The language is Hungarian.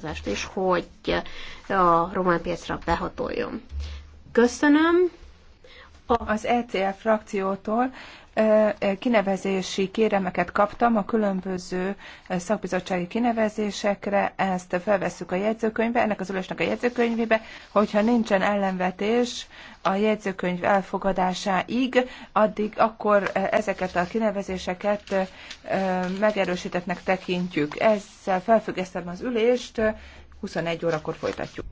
vállalkozást és hogy a román piacra behatoljon. Köszönöm! Az ECF frakciótól kinevezési kéremeket kaptam a különböző szakbizottsági kinevezésekre, ezt felvesszük a jegyzőkönyvbe, ennek az ülésnek a jegyzőkönyvébe, hogyha nincsen ellenvetés a jegyzőkönyv elfogadásáig, addig akkor ezeket a kinevezéseket megerősítettnek tekintjük. Ezzel felfüggesztem az ülést, 21 órakor folytatjuk.